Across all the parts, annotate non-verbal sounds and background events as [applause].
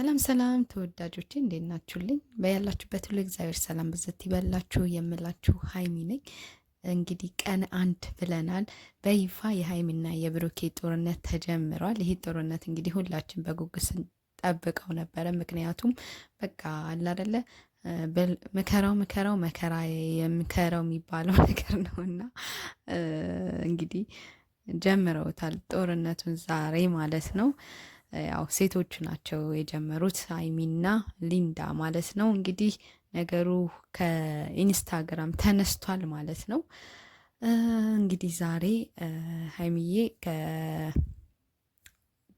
ሰላም ሰላም ተወዳጆቼ እንዴት ናችሁልኝ? በያላችሁበት ሁሉ እግዚአብሔር ሰላም ብዘት ይበላችሁ የምላችሁ ሀይሚ ነኝ። እንግዲህ ቀን አንድ ብለናል። በይፋ የሀይሚና የብሩኬ ጦርነት ተጀምሯል። ይህ ጦርነት እንግዲህ ሁላችን በጉጉት ስንጠብቀው ነበረ። ምክንያቱም በቃ አላደለ ምከራው ምከራው መከራ የምከረው የሚባለው [laughs] ነገር ነው እና እንግዲህ ጀምረውታል ጦርነቱን ዛሬ ማለት ነው ያው ሴቶች ናቸው የጀመሩት አይሚና ሊንዳ ማለት ነው። እንግዲህ ነገሩ ከኢንስታግራም ተነስቷል ማለት ነው። እንግዲህ ዛሬ ሀይሚዬ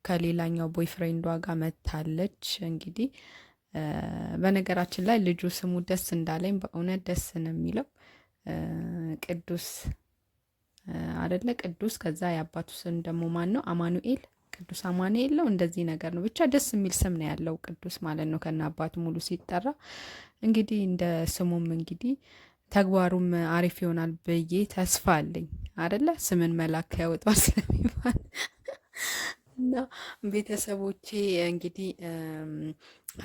ከሌላኛው ቦይፍሬንዷ ጋር መታለች። እንግዲህ በነገራችን ላይ ልጁ ስሙ ደስ እንዳለኝ በእውነት ደስ ነው የሚለው ቅዱስ አደለ ቅዱስ። ከዛ የአባቱ ስም ደግሞ ማን ነው? አማኑኤል ቅዱስ አማኑኤል ነው። እንደዚህ ነገር ነው። ብቻ ደስ የሚል ስም ነው ያለው ቅዱስ ማለት ነው። ከነ አባት ሙሉ ሲጠራ እንግዲህ እንደ ስሙም እንግዲህ ተግባሩም አሪፍ ይሆናል ብዬ ተስፋ አለኝ። አደለ ስምን መላክ ያወጣል ስለሚባል እና ቤተሰቦቼ እንግዲህ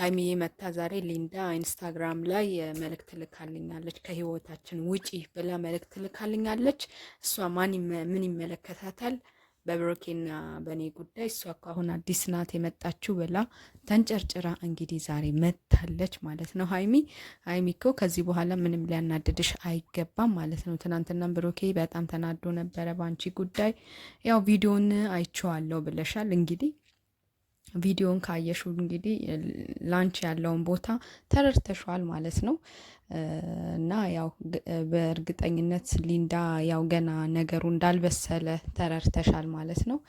ሀይሚዬ መታ ዛሬ ሊንዳ ኢንስታግራም ላይ መልእክት ልካልኛለች። ከህይወታችን ውጪ ብላ መልእክት ልካልኛለች። እሷ ማን ምን ይመለከታታል? በብሮኬና በእኔ ጉዳይ እሷ እኮ አሁን አዲስ ናት የመጣችው ብላ ተንጨርጭራ እንግዲህ ዛሬ መታለች ማለት ነው። ሀይሚ ሀይሚ እኮ ከዚህ በኋላ ምንም ሊያናድድሽ አይገባም ማለት ነው። ትናንትና ብሮኬ በጣም ተናዶ ነበረ በአንቺ ጉዳይ። ያው ቪዲዮን አይቼዋለሁ ብለሻል እንግዲህ ቪዲዮን ካየሽው እንግዲህ ላንች ያለውን ቦታ ተረድተሸዋል ማለት ነው። እና ያው በእርግጠኝነት ሊንዳ ያው ገና ነገሩ እንዳልበሰለ ተረድተሻል ማለት ነው።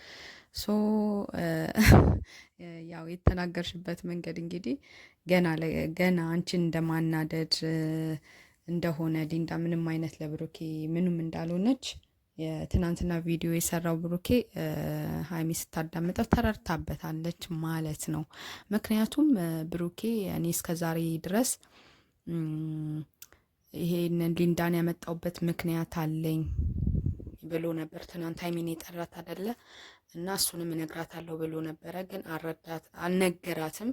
ሶ [laughs] ያው የተናገርሽበት መንገድ እንግዲህ ገና ገና አንቺን እንደማናደድ እንደሆነ ሊንዳ ምንም አይነት ለብሩኬ ምንም እንዳልሆነች የትናንትና ቪዲዮ የሰራው ብሩኬ ሀይሚ ስታዳምጠው ተረድታበታለች ማለት ነው። ምክንያቱም ብሩኬ እኔ እስከዛሬ ድረስ ይሄንን ሊንዳን ያመጣውበት ምክንያት አለኝ ብሎ ነበር ትናንት ሀይሚን የጠራት አደለ እና እሱንም እነግራታለሁ ብሎ ነበረ። ግን አረዳት አልነገራትም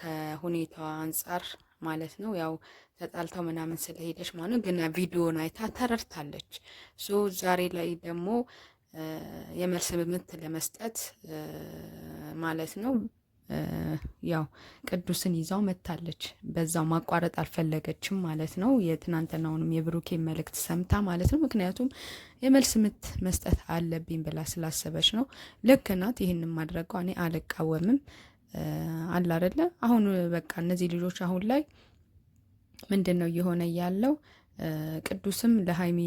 ከሁኔታዋ አንጻር ማለት ነው። ያው ተጣልተው ምናምን ስለሄደች ማለት ነው። ግን ቪዲዮን አይታ ተረድታለች። ሶ ዛሬ ላይ ደግሞ የመልስ ምት ለመስጠት ማለት ነው ያው ቅዱስን ይዛው መታለች። በዛው ማቋረጥ አልፈለገችም ማለት ነው። የትናንትናውንም የብሩኬ መልእክት ሰምታ ማለት ነው። ምክንያቱም የመልስ ምት መስጠት አለብኝ ብላ ስላሰበች ነው። ልክ ናት። ይህን ማድረጓ እኔ አልቃወምም። አለ አይደለ አሁን በቃ እነዚህ ልጆች አሁን ላይ ምንድን ነው እየሆነ ያለው? ቅዱስም ለሀይሚ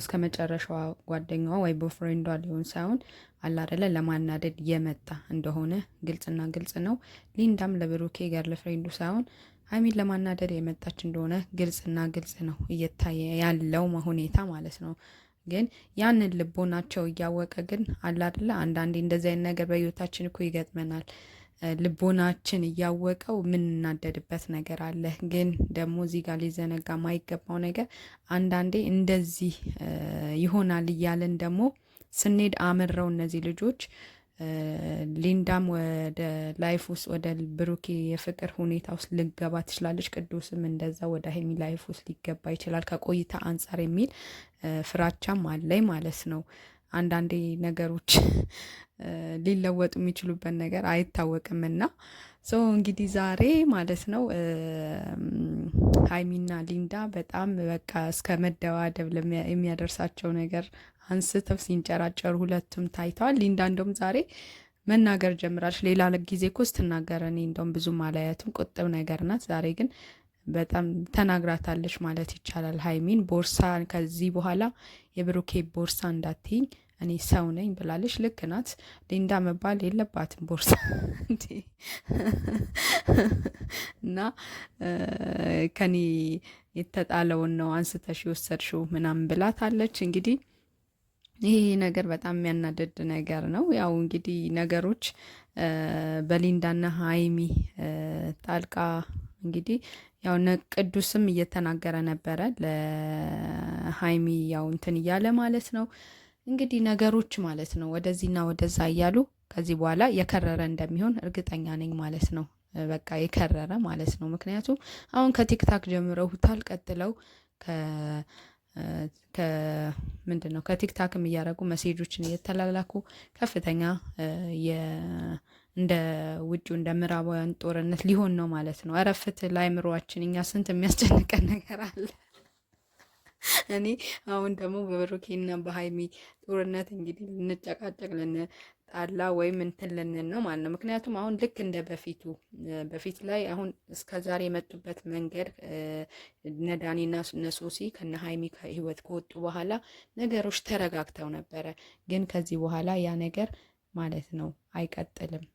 እስከ መጨረሻዋ ጓደኛዋ ወይ ቦፍሬንዷ ሊሆን ሳይሆን አላደለ ለማናደድ የመጣ እንደሆነ ግልጽና ግልጽ ነው። ሊንዳም ለብሩኬ ጋር ለፍሬንዱ ሳይሆን ሀይሚን ለማናደድ የመጣች እንደሆነ ግልጽና ግልጽ ነው እየታየ ያለው ሁኔታ ማለት ነው። ግን ያንን ልቦናቸው እያወቀ ግን አላደለ አንዳንዴ እንደዚህ አይነት ነገር በህይወታችን እኮ ይገጥመናል። ልቦናችን እያወቀው የምንናደድበት ነገር አለ። ግን ደግሞ እዚህ ጋር ሊዘነጋ ማይገባው ነገር አንዳንዴ እንደዚህ ይሆናል እያለን ደግሞ ስንሄድ አመረው እነዚህ ልጆች ሊንዳም ወደ ላይፍ ውስጥ ወደ ብሩኬ የፍቅር ሁኔታ ውስጥ ልገባ ትችላለች። ቅዱስም እንደዛ ወደ ሀይሚ ላይፍ ውስጥ ሊገባ ይችላል ከቆይታ አንጻር የሚል ፍራቻም አለኝ ማለት ነው። አንዳንዴ ነገሮች ሊለወጡ የሚችሉበት ነገር አይታወቅምና ሶ እንግዲህ ዛሬ ማለት ነው ሀይሚና ሊንዳ በጣም በቃ እስከ መደባደብ የሚያደርሳቸው ነገር አንስተው ሲንጨራጨሩ ሁለቱም ታይተዋል። ሊንዳ እንደውም ዛሬ መናገር ጀምራለች። ሌላ ጊዜ እኮ ስትናገር እኔ እንደውም ብዙም አላያትም፣ ቁጥብ ነገር ናት። ዛሬ ግን በጣም ተናግራታለች ማለት ይቻላል። ሀይሚን ቦርሳ ከዚህ በኋላ የብሩኬ ቦርሳ እንዳትይኝ እኔ ሰው ነኝ ብላለች። ልክ ናት። ሊንዳ መባል የለባትም ቦርሳ [laughs] እና ከኔ የተጣለውን ነው አንስተሽ የወሰድሽው ምናምን ብላት አለች። እንግዲህ ይሄ ነገር በጣም የሚያናደድ ነገር ነው። ያው እንግዲህ ነገሮች በሊንዳና ሀይሚ ጣልቃ እንግዲህ ያው ቅዱስም እየተናገረ ነበረ ለሀይሚ ያው እንትን እያለ ማለት ነው እንግዲህ ነገሮች ማለት ነው ወደዚህና ወደዛ እያሉ ከዚህ በኋላ የከረረ እንደሚሆን እርግጠኛ ነኝ ማለት ነው። በቃ የከረረ ማለት ነው። ምክንያቱም አሁን ከቲክታክ ሁታል ቀጥለው ምንድን ነው ከቲክታክም እያደረጉ መሴጆችን እየተላላኩ ከፍተኛ እንደ ውጭ እንደ ምዕራባውያን ጦርነት ሊሆን ነው ማለት ነው። እረፍት ለአእምሯችን እኛ ስንት የሚያስጨንቀን ነገር አለ። እኔ አሁን ደግሞ በብሩኬና በሀይሚ ጦርነት እንግዲህ ልንጨቃጨቅ ልንጣላ ወይም እንትን ልንን ነው ማለት ነው። ምክንያቱም አሁን ልክ እንደ በፊቱ በፊት ላይ አሁን እስከ ዛሬ የመጡበት መንገድ ነዳኒና ነሶሲ እነ ከነ ሀይሚ ከህይወት ከወጡ በኋላ ነገሮች ተረጋግተው ነበረ። ግን ከዚህ በኋላ ያ ነገር ማለት ነው አይቀጥልም።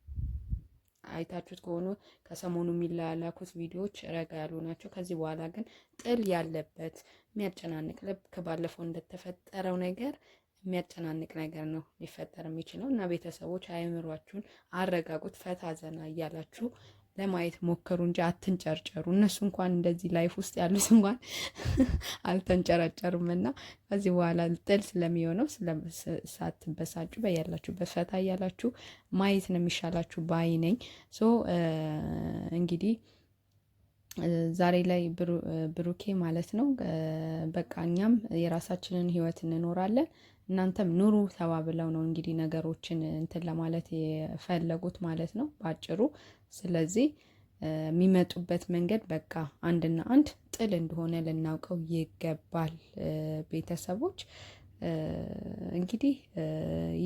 አይታችሁት ከሆኑ ከሰሞኑ የሚላላኩት ቪዲዮዎች ረጋ ያሉ ናቸው። ከዚህ በኋላ ግን ጥል ያለበት የሚያጨናንቅ ልብ ከባለፈው እንደተፈጠረው ነገር የሚያጨናንቅ ነገር ነው ሊፈጠር የሚችለው እና ቤተሰቦች አይምሯችሁን አረጋጉት። ፈታ ዘና እያላችሁ ለማየት ሞከሩ እንጂ አትንጨርጨሩ። እነሱ እንኳን እንደዚህ ላይፍ ውስጥ ያሉት እንኳን [laughs] አልተንጨረጨርም እና ከዚህ በኋላ ጥል ስለሚሆነው ሳትበሳጩ በያላችሁበት ፈታ እያላችሁ ማየት ነው የሚሻላችሁ ባይ ነኝ። ሶ እንግዲህ ዛሬ ላይ ብሩኬ ማለት ነው በቃ እኛም የራሳችንን ህይወት እንኖራለን እናንተም ኑሩ ተባብለው ነው እንግዲህ ነገሮችን እንትን ለማለት የፈለጉት ማለት ነው ባጭሩ። ስለዚህ የሚመጡበት መንገድ በቃ አንድና አንድ ጥል እንደሆነ ልናውቀው ይገባል። ቤተሰቦች እንግዲህ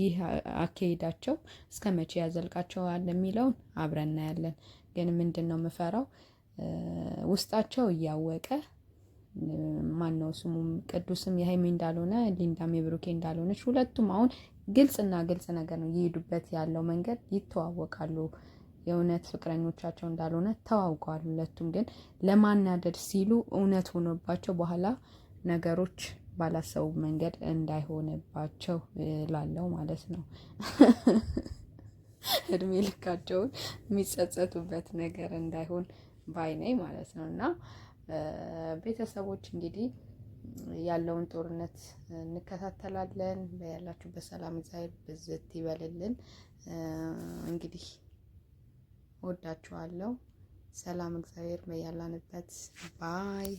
ይህ አካሄዳቸው እስከ መቼ ያዘልቃቸዋል የሚለውን አብረን እናያለን። ግን ምንድን ነው የምፈራው ውስጣቸው እያወቀ ማነው ስሙም ቅዱስም የሀይሜ እንዳልሆነ ሊንዳም የብሩኬ እንዳልሆነች ሁለቱም አሁን ግልጽና ግልጽ ነገር ነው የሄዱበት ያለው መንገድ ይተዋወቃሉ። የእውነት ፍቅረኞቻቸው እንዳልሆነ ተዋውቀዋል። ሁለቱም ግን ለማናደድ ሲሉ እውነት ሆኖባቸው በኋላ ነገሮች ባላሰቡ መንገድ እንዳይሆንባቸው ላለው ማለት ነው። [laughs] እድሜ ልካቸውን የሚጸጸቱበት ነገር እንዳይሆን ባይነይ ማለት ነው። እና ቤተሰቦች እንግዲህ ያለውን ጦርነት እንከታተላለን። በያላችሁበት ሰላም እግዚአብሔር ብዝት ይበልልን እንግዲህ ወዳችኋለሁ። ሰላም እግዚአብሔር በያላንበት ባይ